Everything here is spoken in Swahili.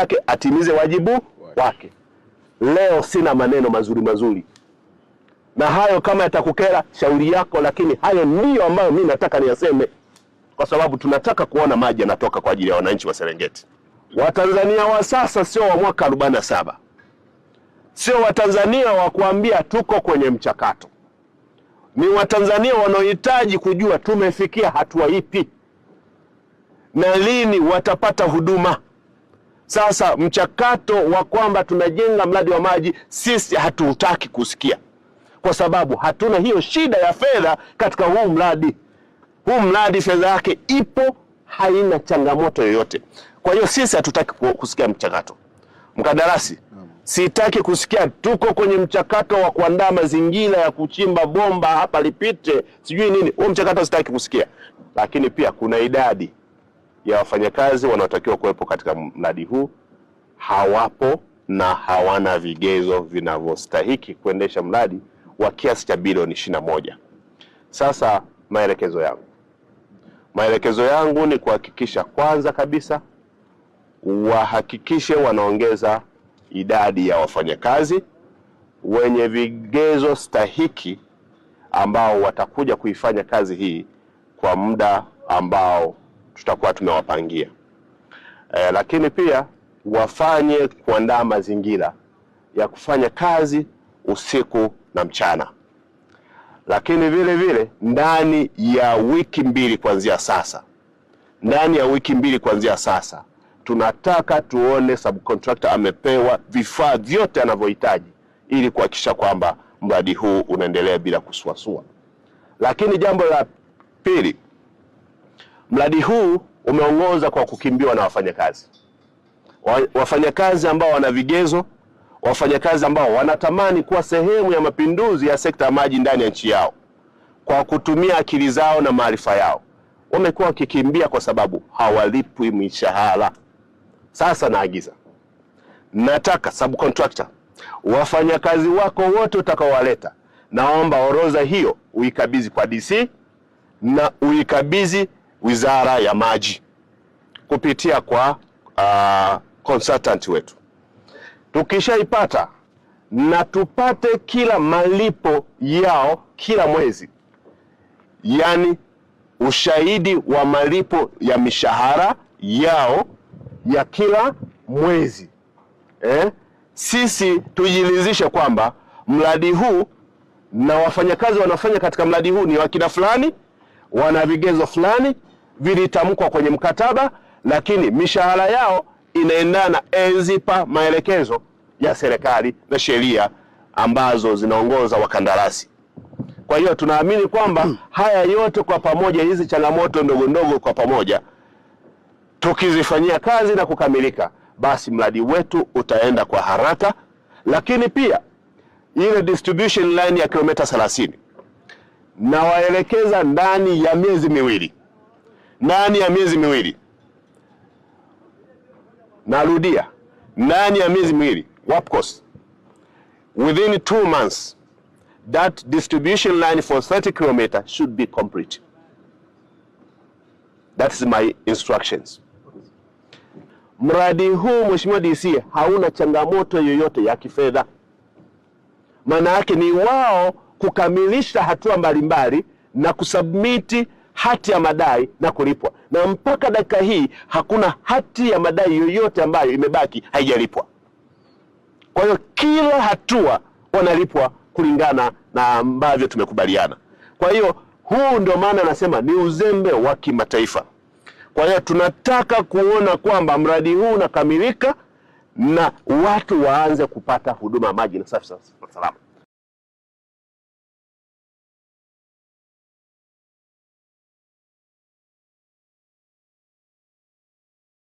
yake atimize wajibu wake. Leo sina maneno mazuri mazuri, na hayo kama yatakukera shauri yako, lakini hayo ndiyo ambayo mi nataka niyaseme, kwa sababu tunataka kuona maji yanatoka kwa ajili ya wananchi wa Serengeti. Watanzania wa sasa sio wa mwaka arobaini na saba, sio Watanzania wa kuambia tuko kwenye mchakato. Ni Watanzania wanaohitaji kujua tumefikia hatua ipi na lini watapata huduma. Sasa mchakato wa kwamba tunajenga mradi wa maji sisi hatuutaki kusikia, kwa sababu hatuna hiyo shida ya fedha katika huu mradi. Huu mradi fedha yake ipo, haina changamoto yoyote. Kwa hiyo sisi hatutaki kusikia mchakato. Mkandarasi, sitaki kusikia tuko kwenye mchakato wa kuandaa mazingira ya kuchimba bomba hapa lipite, sijui nini. Huu mchakato sitaki kusikia, lakini pia kuna idadi ya wafanyakazi wanaotakiwa kuwepo katika mradi huu hawapo na hawana vigezo vinavyostahiki kuendesha mradi wa kiasi cha bilioni ishirini na moja. Sasa maelekezo yangu, maelekezo yangu ni kuhakikisha kwanza kabisa wahakikishe wanaongeza idadi ya wafanyakazi wenye vigezo stahiki ambao watakuja kuifanya kazi hii kwa muda ambao tutakuwa tumewapangia e, lakini pia wafanye kuandaa mazingira ya kufanya kazi usiku na mchana, lakini vile vile ndani ya wiki mbili kuanzia sasa, ndani ya wiki mbili kuanzia sasa tunataka tuone subcontractor amepewa vifaa vyote anavyohitaji ili kuhakikisha kwamba mradi huu unaendelea bila kusuasua. Lakini jambo la pili Mradi huu umeongoza kwa kukimbiwa na wafanyakazi, wafanyakazi ambao wana vigezo, wafanyakazi ambao wanatamani kuwa sehemu ya mapinduzi ya sekta ya maji ndani ya nchi yao. Kwa kutumia akili zao na maarifa yao, wamekuwa wakikimbia kwa sababu hawalipwi mishahara. Sasa naagiza, nataka subcontractor, wafanyakazi wako wote utakaowaleta, naomba orodha hiyo uikabidhi kwa DC na uikabidhi Wizara ya Maji kupitia kwa uh, consultant wetu. Tukishaipata na tupate kila malipo yao kila mwezi, yaani ushahidi wa malipo ya mishahara yao ya kila mwezi eh? Sisi tujilizishe kwamba mradi huu na wafanyakazi wanaofanya katika mradi huu ni wakina fulani, wana vigezo fulani vilitamkwa kwenye mkataba, lakini mishahara yao inaendana enzi pa maelekezo ya serikali na sheria ambazo zinaongoza wakandarasi. Kwa hiyo tunaamini kwamba hmm, haya yote kwa pamoja, hizi changamoto ndogo ndogo kwa pamoja tukizifanyia kazi na kukamilika, basi mradi wetu utaenda kwa haraka. Lakini pia ile distribution line ya kilomita 30 nawaelekeza ndani ya miezi miwili ndani ya miezi miwili. Narudia, ndani ya miezi miwili course within two months that distribution line for 30 km should be complete. That is my instructions. Mradi huu Mheshimiwa DC hauna changamoto yoyote ya kifedha, maana yake ni wao kukamilisha hatua mbalimbali na kusubmiti hati ya madai na kulipwa, na mpaka dakika hii hakuna hati ya madai yoyote ambayo imebaki haijalipwa. Kwa hiyo kila hatua wanalipwa kulingana na ambavyo tumekubaliana. Kwa hiyo huu ndio maana anasema ni uzembe wa kimataifa. Kwa hiyo tunataka kuona kwamba mradi huu unakamilika na watu waanze kupata huduma ya maji na safi na salama.